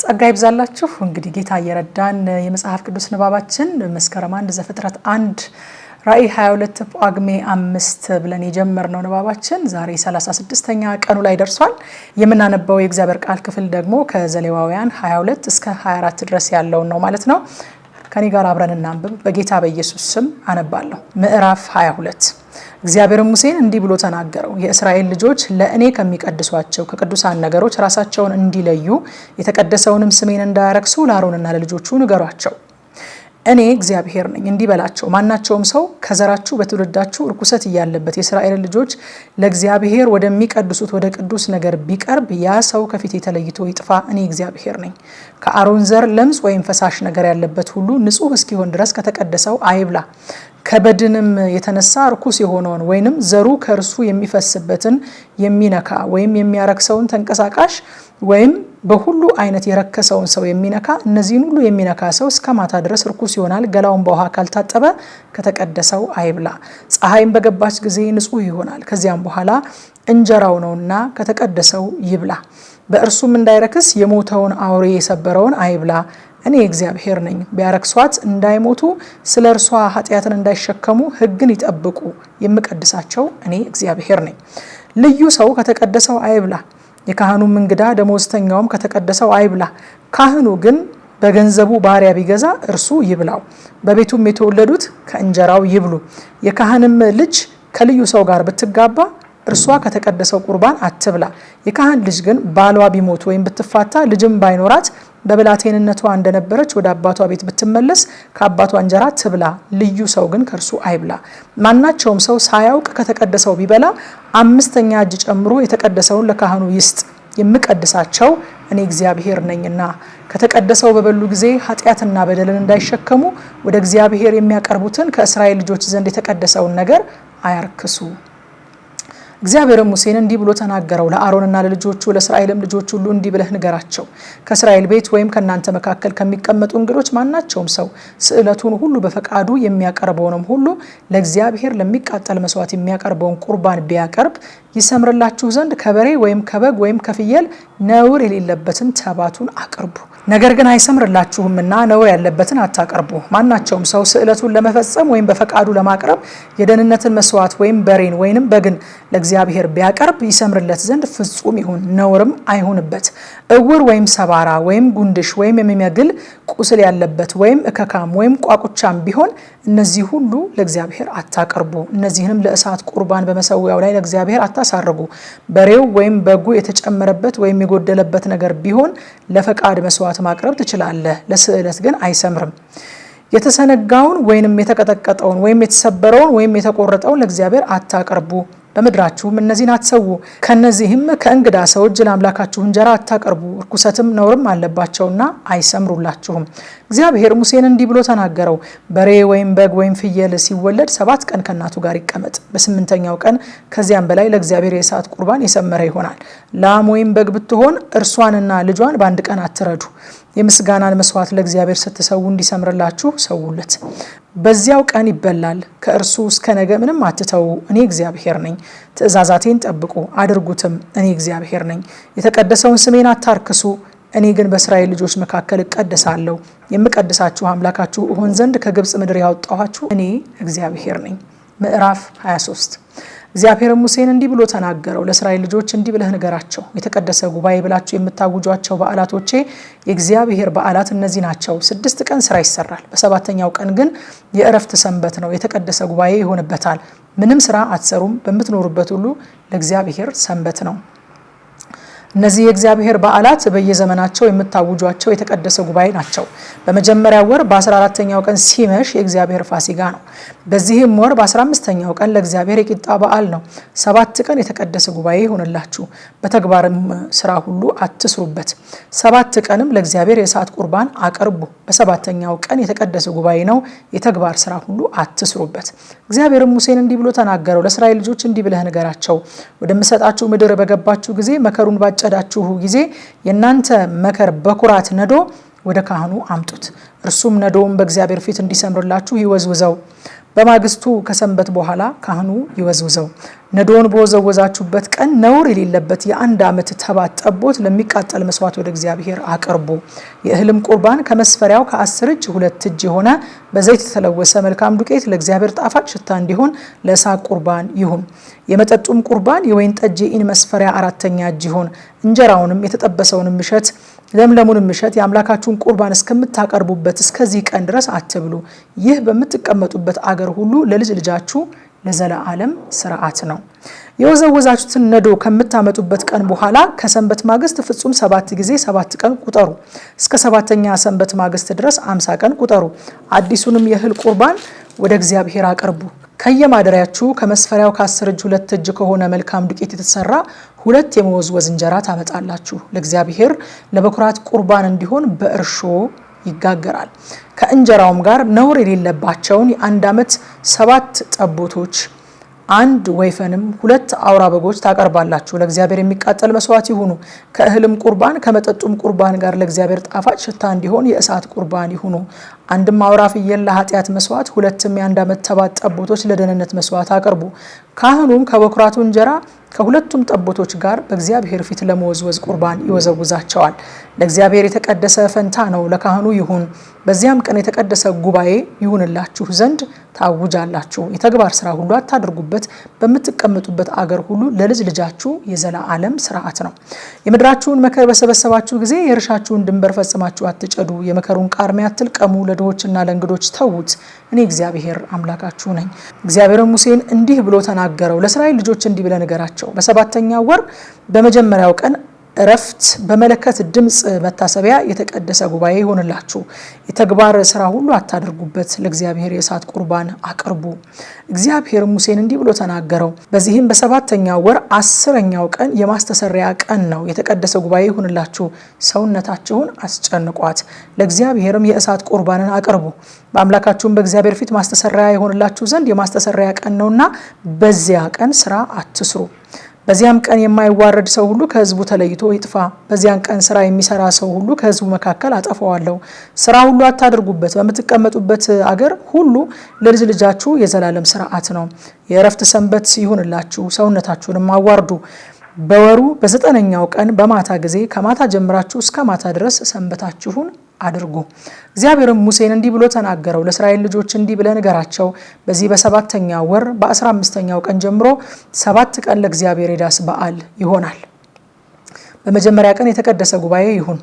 ጸጋ ይብዛላችሁ። እንግዲህ ጌታ እየረዳን የመጽሐፍ ቅዱስ ንባባችን መስከረም አንድ ዘፍጥረት አንድ ራእይ 22 ጳጉሜ አምስት ብለን የጀመርነው ንባባችን ዛሬ 36ኛ ቀኑ ላይ ደርሷል። የምናነበው የእግዚአብሔር ቃል ክፍል ደግሞ ከዘሌዋውያን 22 እስከ 24 ድረስ ያለውን ነው ማለት ነው። ከኔ ጋር አብረን እናንብብ። በጌታ በኢየሱስ ስም አነባለሁ። ምዕራፍ 22 እግዚአብሔር ሙሴን እንዲህ ብሎ ተናገረው። የእስራኤል ልጆች ለእኔ ከሚቀድሷቸው ከቅዱሳን ነገሮች ራሳቸውን እንዲለዩ የተቀደሰውንም ስሜን እንዳያረክሱ ለአሮንና ለልጆቹ ንገሯቸው። እኔ እግዚአብሔር ነኝ። እንዲህ በላቸው፣ ማናቸውም ሰው ከዘራችሁ በትውልዳችሁ እርኩሰት እያለበት የእስራኤል ልጆች ለእግዚአብሔር ወደሚቀድሱት ወደ ቅዱስ ነገር ቢቀርብ ያ ሰው ከፊት የተለይቶ ይጥፋ። እኔ እግዚአብሔር ነኝ። ከአሮን ዘር ለምጽ ወይም ፈሳሽ ነገር ያለበት ሁሉ ንጹሕ እስኪሆን ድረስ ከተቀደሰው አይብላ። ከበድንም የተነሳ እርኩስ የሆነውን ወይንም ዘሩ ከእርሱ የሚፈስበትን የሚነካ ወይም የሚያረክሰውን ተንቀሳቃሽ ወይም በሁሉ አይነት የረከሰውን ሰው የሚነካ እነዚህን ሁሉ የሚነካ ሰው እስከ ማታ ድረስ እርኩስ ይሆናል። ገላውን በውሃ ካልታጠበ ከተቀደሰው አይብላ። ፀሐይም በገባች ጊዜ ንጹሕ ይሆናል። ከዚያም በኋላ እንጀራው ነውና ከተቀደሰው ይብላ። በእርሱም እንዳይረክስ የሞተውን አውሬ የሰበረውን አይብላ። እኔ እግዚአብሔር ነኝ፣ ቢያረክሷት እንዳይሞቱ ስለ እርሷ ኃጢአትን እንዳይሸከሙ ሕግን ይጠብቁ፣ የምቀድሳቸው እኔ እግዚአብሔር ነኝ። ልዩ ሰው ከተቀደሰው አይብላ፣ የካህኑም እንግዳ ደመወዝተኛውም ከተቀደሰው አይብላ። ካህኑ ግን በገንዘቡ ባሪያ ቢገዛ እርሱ ይብላው፣ በቤቱም የተወለዱት ከእንጀራው ይብሉ። የካህንም ልጅ ከልዩ ሰው ጋር ብትጋባ እርሷ ከተቀደሰው ቁርባን አትብላ። የካህን ልጅ ግን ባሏ ቢሞት ወይም ብትፋታ ልጅም ባይኖራት በብላቴንነቷ እንደነበረች ወደ አባቷ ቤት ብትመለስ ከአባቷ እንጀራ ትብላ፣ ልዩ ሰው ግን ከእርሱ አይብላ። ማናቸውም ሰው ሳያውቅ ከተቀደሰው ቢበላ አምስተኛ እጅ ጨምሮ የተቀደሰውን ለካህኑ ይስጥ። የምቀድሳቸው እኔ እግዚአብሔር ነኝና ከተቀደሰው በበሉ ጊዜ ኃጢአትና በደልን እንዳይሸከሙ ወደ እግዚአብሔር የሚያቀርቡትን ከእስራኤል ልጆች ዘንድ የተቀደሰውን ነገር አያርክሱ። እግዚአብሔርም ሙሴን እንዲህ ብሎ ተናገረው፣ ለአሮንና ለልጆቹ ለእስራኤልም ልጆች ሁሉ እንዲህ ብለህ ንገራቸው፣ ከእስራኤል ቤት ወይም ከእናንተ መካከል ከሚቀመጡ እንግዶች ማናቸውም ሰው ስዕለቱን ሁሉ በፈቃዱ የሚያቀርበውንም ሁሉ ለእግዚአብሔር ለሚቃጠል መስዋዕት የሚያቀርበውን ቁርባን ቢያቀርብ ይሰምርላችሁ ዘንድ ከበሬ ወይም ከበግ ወይም ከፍየል ነውር የሌለበትን ተባቱን አቅርቡ። ነገር ግን አይሰምርላችሁምና ነውር ያለበትን አታቀርቡ። ማናቸውም ሰው ስዕለቱን ለመፈጸም ወይም በፈቃዱ ለማቅረብ የደህንነትን መስዋዕት ወይም በሬን ወይንም በግን ለእግዚአብሔር ቢያቀርብ ይሰምርለት ዘንድ ፍጹም ይሁን፣ ነውርም አይሁንበት። እውር ወይም ሰባራ ወይም ጉንድሽ ወይም የሚመግል ቁስል ያለበት ወይም እከካም ወይም ቋቁቻም ቢሆን እነዚህ ሁሉ ለእግዚአብሔር አታቀርቡ። እነዚህንም ለእሳት ቁርባን በመሰዊያው ላይ ለእግዚአብሔር አታሳርጉ። በሬው ወይም በጉ የተጨመረበት ወይም የጎደለበት ነገር ቢሆን ለፈቃድ መስዋዕት ማቅረብ ትችላለህ፣ ለስዕለት ግን አይሰምርም። የተሰነጋውን ወይንም የተቀጠቀጠውን ወይም የተሰበረውን ወይም የተቆረጠውን ለእግዚአብሔር አታቀርቡ። በምድራችሁም እነዚህን አትሰዉ። ከእነዚህም ከእንግዳ ሰው እጅ ለአምላካችሁ እንጀራ አታቀርቡ፣ እርኩሰትም ነውርም አለባቸውና አይሰምሩላችሁም። እግዚአብሔር ሙሴን እንዲህ ብሎ ተናገረው። በሬ ወይም በግ ወይም ፍየል ሲወለድ ሰባት ቀን ከእናቱ ጋር ይቀመጥ። በስምንተኛው ቀን ከዚያም በላይ ለእግዚአብሔር የእሳት ቁርባን የሰመረ ይሆናል። ላም ወይም በግ ብትሆን እርሷንና ልጇን በአንድ ቀን አትረዱ። የምስጋናን መስዋዕት ለእግዚአብሔር ስትሰዉ እንዲሰምርላችሁ ሰውለት። በዚያው ቀን ይበላል፣ ከእርሱ እስከ ነገ ምንም አትተዉ፣ እኔ እግዚአብሔር ነኝ። ትእዛዛቴን ጠብቁ አድርጉትም፣ እኔ እግዚአብሔር ነኝ። የተቀደሰውን ስሜን አታርክሱ፣ እኔ ግን በእስራኤል ልጆች መካከል እቀደሳለሁ። የምቀድሳችሁ አምላካችሁ እሆን ዘንድ ከግብፅ ምድር ያወጣኋችሁ እኔ እግዚአብሔር ነኝ። ምዕራፍ 23 እግዚአብሔር ሙሴን እንዲህ ብሎ ተናገረው፣ ለእስራኤል ልጆች እንዲህ ብለህ ንገራቸው፣ የተቀደሰ ጉባኤ ብላችሁ የምታውጇቸው በዓላቶቼ የእግዚአብሔር በዓላት እነዚህ ናቸው። ስድስት ቀን ስራ ይሰራል፣ በሰባተኛው ቀን ግን የእረፍት ሰንበት ነው፣ የተቀደሰ ጉባኤ ይሆንበታል። ምንም ስራ አትሰሩም፣ በምትኖሩበት ሁሉ ለእግዚአብሔር ሰንበት ነው። እነዚህ የእግዚአብሔር በዓላት በየዘመናቸው የምታውጇቸው የተቀደሰ ጉባኤ ናቸው። በመጀመሪያው ወር በ14ተኛው ቀን ሲመሽ የእግዚአብሔር ፋሲጋ ነው። በዚህም ወር በ15ተኛው ቀን ለእግዚአብሔር የቂጣ በዓል ነው። ሰባት ቀን የተቀደሰ ጉባኤ ይሆንላችሁ፣ በተግባርም ስራ ሁሉ አትስሩበት። ሰባት ቀንም ለእግዚአብሔር የእሳት ቁርባን አቅርቡ። በሰባተኛው ቀን የተቀደሰ ጉባኤ ነው፣ የተግባር ስራ ሁሉ አትስሩበት። እግዚአብሔርም ሙሴን እንዲህ ብሎ ተናገረው። ለእስራኤል ልጆች እንዲህ ብለህ ንገራቸው፣ ወደምሰጣችሁ ምድር በገባችሁ ጊዜ መከሩን ባጭ ባጨዳችሁ ጊዜ የእናንተ መከር በኩራት ነዶ ወደ ካህኑ አምጡት፣ እርሱም ነዶውን በእግዚአብሔር ፊት እንዲሰምርላችሁ ይወዝውዘው። በማግስቱ ከሰንበት በኋላ ካህኑ ይወዝውዘው። ነዶውን በወዘወዛችሁበት ቀን ነውር የሌለበት የአንድ ዓመት ተባት ጠቦት ለሚቃጠል መስዋዕት ወደ እግዚአብሔር አቅርቡ። የእህልም ቁርባን ከመስፈሪያው ከአስር እጅ ሁለት እጅ የሆነ በዘይት የተለወሰ መልካም ዱቄት ለእግዚአብሔር ጣፋጭ ሽታ እንዲሆን ለእሳት ቁርባን ይሁን። የመጠጡም ቁርባን የወይን ጠጅ የኢን መስፈሪያ አራተኛ እጅ ይሁን። እንጀራውንም የተጠበሰውንም እሸት ለምለሙንም እሸት የአምላካችሁን ቁርባን እስከምታቀርቡበት እስከዚህ ቀን ድረስ አትብሉ። ይህ በምትቀመጡበት አገር ሁሉ ለልጅ ልጃችሁ ለዘላለም ስርዓት ነው። የወዘወዛችሁትን ነዶ ከምታመጡበት ቀን በኋላ ከሰንበት ማግስት ፍጹም ሰባት ጊዜ ሰባት ቀን ቁጠሩ። እስከ ሰባተኛ ሰንበት ማግስት ድረስ አምሳ ቀን ቁጠሩ። አዲሱንም የእህል ቁርባን ወደ እግዚአብሔር አቅርቡ። ከየማደሪያችሁ ከመስፈሪያው ከአስር እጅ ሁለት እጅ ከሆነ መልካም ዱቄት የተሰራ ሁለት የመወዝወዝ እንጀራ ታመጣላችሁ። ለእግዚአብሔር ለበኩራት ቁርባን እንዲሆን በእርሾ ይጋገራል። ከእንጀራውም ጋር ነውር የሌለባቸውን የአንድ ዓመት ሰባት ጠቦቶች አንድ ወይፈንም ሁለት አውራ በጎች ታቀርባላችሁ። ለእግዚአብሔር የሚቃጠል መስዋዕት ይሁኑ። ከእህልም ቁርባን ከመጠጡም ቁርባን ጋር ለእግዚአብሔር ጣፋጭ ሽታ እንዲሆን የእሳት ቁርባን ይሁኑ። አንድም አውራ ፍየል ለኃጢአት መስዋዕት፣ ሁለትም የአንድ ዓመት ተባት ጠቦቶች ለደህንነት መስዋዕት አቅርቡ። ካህኑም ከበኩራቱ እንጀራ ከሁለቱም ጠቦቶች ጋር በእግዚአብሔር ፊት ለመወዝወዝ ቁርባን ይወዘውዛቸዋል። ለእግዚአብሔር የተቀደሰ ፈንታ ነው፣ ለካህኑ ይሁን። በዚያም ቀን የተቀደሰ ጉባኤ ይሁንላችሁ ዘንድ ታውጃላችሁ። የተግባር ስራ ሁሉ አታድርጉበት፣ በምትቀመጡበት አገር ሁሉ ለልጅ ልጃችሁ የዘላ አለም ስርዓት ነው። የምድራችሁን መከር በሰበሰባችሁ ጊዜ የእርሻችሁን ድንበር ፈጽማችሁ አትጨዱ፣ የመከሩን ቃርሚያ አትልቀሙ። ለባዶዎችና ለእንግዶች ተዉት፣ እኔ እግዚአብሔር አምላካችሁ ነኝ። እግዚአብሔርን ሙሴን እንዲህ ብሎ ተናገረው፣ ለእስራኤል ልጆች እንዲህ ብለህ ንገራቸው፣ በሰባተኛው ወር በመጀመሪያው ቀን እረፍት በመለከት ድምፅ መታሰቢያ የተቀደሰ ጉባኤ ይሆንላችሁ። የተግባር ስራ ሁሉ አታደርጉበት፣ ለእግዚአብሔር የእሳት ቁርባን አቅርቡ። እግዚአብሔር ሙሴን እንዲህ ብሎ ተናገረው። በዚህም በሰባተኛ ወር አስረኛው ቀን የማስተሰሪያ ቀን ነው። የተቀደሰ ጉባኤ ይሆንላችሁ። ሰውነታችሁን አስጨንቋት፣ ለእግዚአብሔርም የእሳት ቁርባንን አቅርቡ። በአምላካችሁም በእግዚአብሔር ፊት ማስተሰሪያ የሆንላችሁ ዘንድ የማስተሰሪያ ቀን ነውና በዚያ ቀን ስራ አትስሩ። በዚያም ቀን የማይዋረድ ሰው ሁሉ ከህዝቡ ተለይቶ ይጥፋ። በዚያን ቀን ስራ የሚሰራ ሰው ሁሉ ከህዝቡ መካከል አጠፋዋለሁ። ስራ ሁሉ አታድርጉበት። በምትቀመጡበት አገር ሁሉ ለልጅ ልጃችሁ የዘላለም ስርዓት ነው። የእረፍት ሰንበት ይሁንላችሁ። ሰውነታችሁንም አዋርዱ። በወሩ በዘጠነኛው ቀን በማታ ጊዜ ከማታ ጀምራችሁ እስከ ማታ ድረስ ሰንበታችሁን አድርጉ። እግዚአብሔርም ሙሴን እንዲህ ብሎ ተናገረው፣ ለእስራኤል ልጆች እንዲህ ብለህ ንገራቸው፣ በዚህ በሰባተኛው ወር በአስራ አምስተኛው ቀን ጀምሮ ሰባት ቀን ለእግዚአብሔር የዳስ በዓል ይሆናል። በመጀመሪያ ቀን የተቀደሰ ጉባኤ ይሁን፣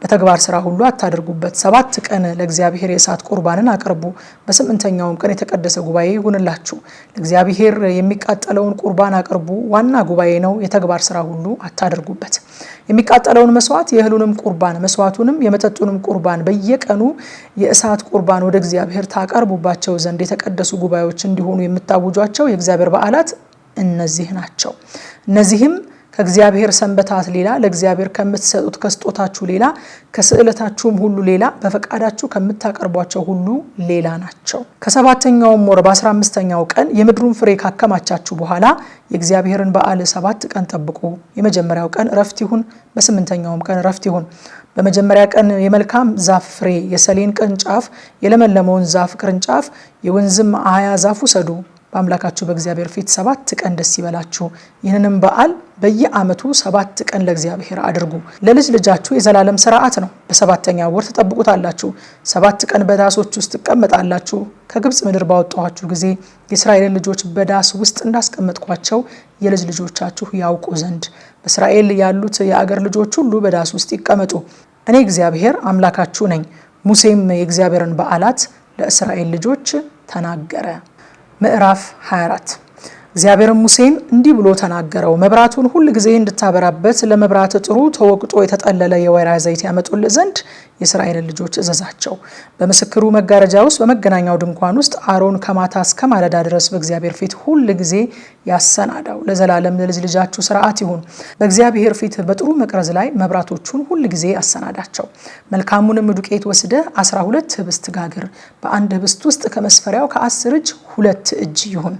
በተግባር ስራ ሁሉ አታደርጉበት። ሰባት ቀን ለእግዚአብሔር የእሳት ቁርባንን አቅርቡ። በስምንተኛውም ቀን የተቀደሰ ጉባኤ ይሁንላችሁ። ለእግዚአብሔር የሚቃጠለውን ቁርባን አቅርቡ። ዋና ጉባኤ ነው፣ የተግባር ስራ ሁሉ አታደርጉበት። የሚቃጠለውን መስዋዕት፣ የእህሉንም ቁርባን፣ መስዋዕቱንም፣ የመጠጡንም ቁርባን በየቀኑ የእሳት ቁርባን ወደ እግዚአብሔር ታቀርቡባቸው ዘንድ የተቀደሱ ጉባኤዎች እንዲሆኑ የምታውጇቸው የእግዚአብሔር በዓላት እነዚህ ናቸው። እነዚህም ከእግዚአብሔር ሰንበታት ሌላ ለእግዚአብሔር ከምትሰጡት ከስጦታችሁ ሌላ ከስዕለታችሁም ሁሉ ሌላ በፈቃዳችሁ ከምታቀርቧቸው ሁሉ ሌላ ናቸው። ከሰባተኛውም ወር በአስራ አምስተኛው ቀን የምድሩን ፍሬ ካከማቻችሁ በኋላ የእግዚአብሔርን በዓል ሰባት ቀን ጠብቁ። የመጀመሪያው ቀን እረፍት ይሁን፣ በስምንተኛውም ቀን እረፍት ይሁን። በመጀመሪያ ቀን የመልካም ዛፍ ፍሬ፣ የሰሌን ቅርንጫፍ፣ የለመለመውን ዛፍ ቅርንጫፍ፣ የወንዝም አህያ ዛፍ ውሰዱ በአምላካችሁ በእግዚአብሔር ፊት ሰባት ቀን ደስ ይበላችሁ። ይህንንም በዓል በየዓመቱ ሰባት ቀን ለእግዚአብሔር አድርጉ። ለልጅ ልጃችሁ የዘላለም ስርዓት ነው። በሰባተኛ ወር ትጠብቁታላችሁ። ሰባት ቀን በዳሶች ውስጥ ትቀመጣላችሁ። ከግብፅ ምድር ባወጣኋችሁ ጊዜ የእስራኤልን ልጆች በዳስ ውስጥ እንዳስቀመጥኳቸው የልጅ ልጆቻችሁ ያውቁ ዘንድ በእስራኤል ያሉት የአገር ልጆች ሁሉ በዳስ ውስጥ ይቀመጡ። እኔ እግዚአብሔር አምላካችሁ ነኝ። ሙሴም የእግዚአብሔርን በዓላት ለእስራኤል ልጆች ተናገረ። مقرف حيرات እግዚአብሔርም ሙሴን እንዲህ ብሎ ተናገረው፣ መብራቱን ሁል ጊዜ እንድታበራበት ለመብራት ጥሩ ተወቅጦ የተጠለለ የወይራ ዘይት ያመጡል ዘንድ የእስራኤልን ልጆች እዘዛቸው። በምስክሩ መጋረጃ ውስጥ በመገናኛው ድንኳን ውስጥ አሮን ከማታ እስከ ማለዳ ድረስ በእግዚአብሔር ፊት ሁል ጊዜ ያሰናዳው፣ ለዘላለም ለልጅ ልጃችሁ ስርዓት ይሁን። በእግዚአብሔር ፊት በጥሩ መቅረዝ ላይ መብራቶቹን ሁል ጊዜ ያሰናዳቸው። መልካሙንም ዱቄት ወስደ 12 ህብስት ጋግር፣ በአንድ ህብስት ውስጥ ከመስፈሪያው ከአስር እጅ ሁለት እጅ ይሁን።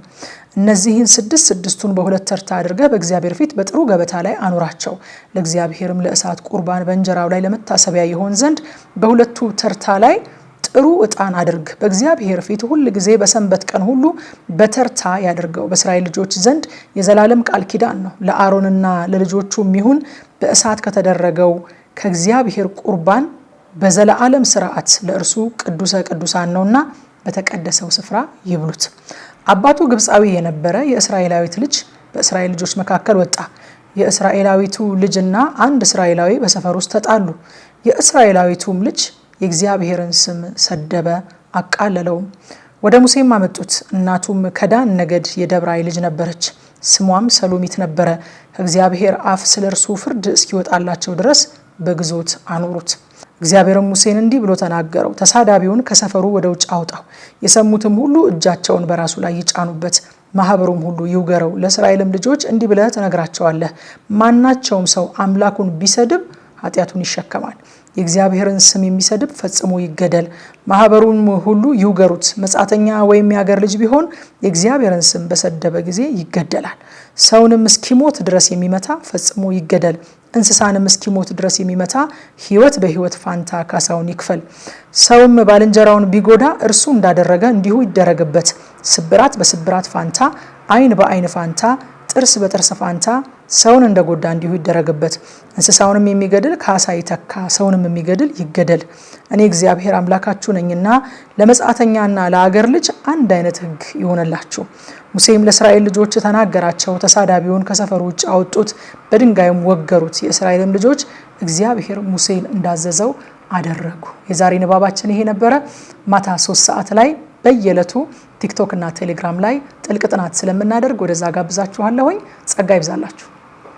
እነዚህን ስድስት ስድስቱን በሁለት ተርታ አድርገህ በእግዚአብሔር ፊት በጥሩ ገበታ ላይ አኑራቸው። ለእግዚአብሔርም ለእሳት ቁርባን በእንጀራው ላይ ለመታሰቢያ ይሆን ዘንድ በሁለቱ ተርታ ላይ ጥሩ ዕጣን አድርግ። በእግዚአብሔር ፊት ሁል ጊዜ በሰንበት ቀን ሁሉ በተርታ ያድርገው። በእስራኤል ልጆች ዘንድ የዘላለም ቃል ኪዳን ነው። ለአሮንና ለልጆቹ ይሁን በእሳት ከተደረገው ከእግዚአብሔር ቁርባን በዘላለም ስርዓት ለእርሱ ቅዱሰ ቅዱሳን ነውና በተቀደሰው ስፍራ ይብሉት። አባቱ ግብፃዊ የነበረ የእስራኤላዊት ልጅ በእስራኤል ልጆች መካከል ወጣ። የእስራኤላዊቱ ልጅና አንድ እስራኤላዊ በሰፈር ውስጥ ተጣሉ። የእስራኤላዊቱም ልጅ የእግዚአብሔርን ስም ሰደበ፣ አቃለለውም። ወደ ሙሴም አመጡት። እናቱም ከዳን ነገድ የደብራይ ልጅ ነበረች፣ ስሟም ሰሎሚት ነበረ። ከእግዚአብሔር አፍ ስለ እርሱ ፍርድ እስኪወጣላቸው ድረስ በግዞት አኖሩት። እግዚአብሔርም ሙሴን እንዲህ ብሎ ተናገረው፣ ተሳዳቢውን ከሰፈሩ ወደ ውጭ አውጣው። የሰሙትም ሁሉ እጃቸውን በራሱ ላይ ይጫኑበት፣ ማህበሩም ሁሉ ይውገረው። ለእስራኤልም ልጆች እንዲህ ብለህ ትነግራቸዋለህ፣ ማናቸውም ሰው አምላኩን ቢሰድብ ኃጢአቱን ይሸከማል። የእግዚአብሔርን ስም የሚሰድብ ፈጽሞ ይገደል። ማህበሩም ሁሉ ይውገሩት። መጻተኛ ወይም የአገር ልጅ ቢሆን የእግዚአብሔርን ስም በሰደበ ጊዜ ይገደላል። ሰውንም እስኪሞት ድረስ የሚመታ ፈጽሞ ይገደል፣ እንስሳንም እስኪሞት ድረስ የሚመታ ሕይወት በሕይወት ፋንታ ካሳውን ይክፈል። ሰውም ባልንጀራውን ቢጎዳ እርሱ እንዳደረገ እንዲሁ ይደረግበት። ስብራት በስብራት ፋንታ፣ ዓይን በዓይን ፋንታ ጥርስ በጥርስ ፋንታ ሰውን እንደጎዳ እንዲሁ ይደረግበት፣ እንስሳውንም የሚገድል ካሳ ይተካ፣ ሰውንም የሚገድል ይገደል። እኔ እግዚአብሔር አምላካችሁ ነኝና ለመጻተኛና ለአገር ልጅ አንድ አይነት ሕግ ይሆነላችሁ። ሙሴም ለእስራኤል ልጆች ተናገራቸው። ተሳዳቢውን ከሰፈሩ ውጭ አወጡት፣ በድንጋይም ወገሩት። የእስራኤልም ልጆች እግዚአብሔር ሙሴን እንዳዘዘው አደረጉ። የዛሬ ንባባችን ይሄ ነበረ። ማታ ሶስት ሰዓት ላይ በየዕለቱ ቲክቶክ እና ቴሌግራም ላይ ጥልቅ ጥናት ስለምናደርግ ወደዛ ጋብዛችኋለሁኝ። ጸጋ ይብዛላችሁ።